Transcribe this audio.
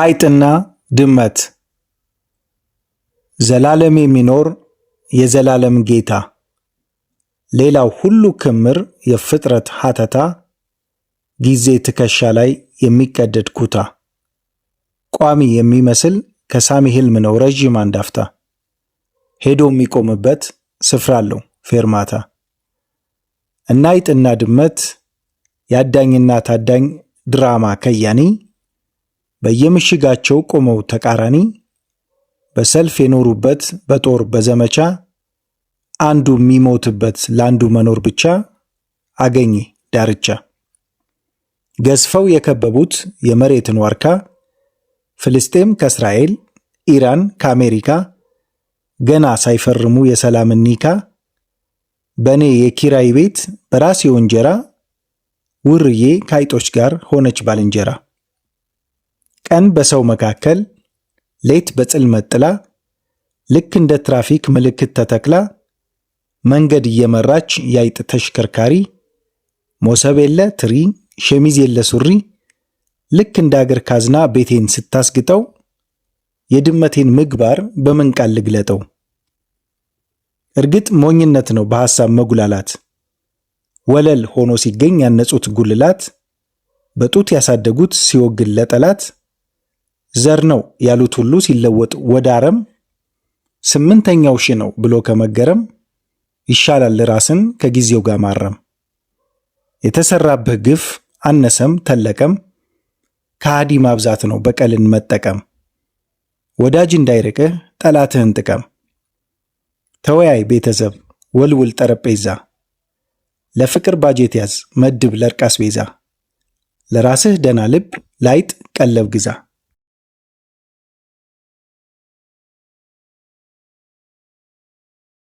አይጥና ድመት ዘላለም የሚኖር የዘላለም ጌታ ሌላው ሁሉ ክምር የፍጥረት ሀተታ ጊዜ ትከሻ ላይ የሚቀደድ ኩታ ቋሚ የሚመስል ከሳሚ ህልም ነው ረዥም አንዳፍታ ሄዶ የሚቆምበት ስፍራ አለው ፌርማታ እና አይጥና ድመት የአዳኝና ታዳኝ ድራማ ከያኒ በየምሽጋቸው ቆመው ተቃራኒ በሰልፍ የኖሩበት በጦር በዘመቻ አንዱ የሚሞትበት ለአንዱ መኖር ብቻ አገኘ ዳርቻ። ገዝፈው የከበቡት የመሬትን ዋርካ ፍልስጤም ከእስራኤል ኢራን ከአሜሪካ ገና ሳይፈርሙ የሰላምን ኒካ በእኔ የኪራይ ቤት በራሴው እንጀራ ውርዬ ከአይጦች ጋር ሆነች ባልንጀራ። ቀን በሰው መካከል፣ ሌት በጽልመት ጥላ፣ ልክ እንደ ትራፊክ ምልክት ተተክላ፣ መንገድ እየመራች ያይጥ ተሽከርካሪ፣ ሞሰብ የለ ትሪ፣ ሸሚዝ የለ ሱሪ፣ ልክ እንደ አገር ካዝና ቤቴን ስታስግጠው፣ የድመቴን ምግባር በምን ቃል ልግለጠው? እርግጥ ሞኝነት ነው በሐሳብ መጉላላት፣ ወለል ሆኖ ሲገኝ ያነጹት ጉልላት፣ በጡት ያሳደጉት ሲወግል ለጠላት ዘር ነው ያሉት ሁሉ ሲለወጥ ወደ አረም ስምንተኛው ሺ ነው ብሎ ከመገረም ይሻላል ራስን ከጊዜው ጋር ማረም። የተሰራብህ ግፍ አነሰም ተለቀም ከሃዲ ማብዛት ነው በቀልን መጠቀም። ወዳጅ እንዳይርቅህ ጠላትህን ጥቀም። ተወያይ ቤተሰብ ወልውል ጠረጴዛ፣ ለፍቅር ባጀት ያዝ መድብ ለርቃስ ቤዛ፣ ለራስህ ደና ልብ ላይጥ ቀለብ ግዛ።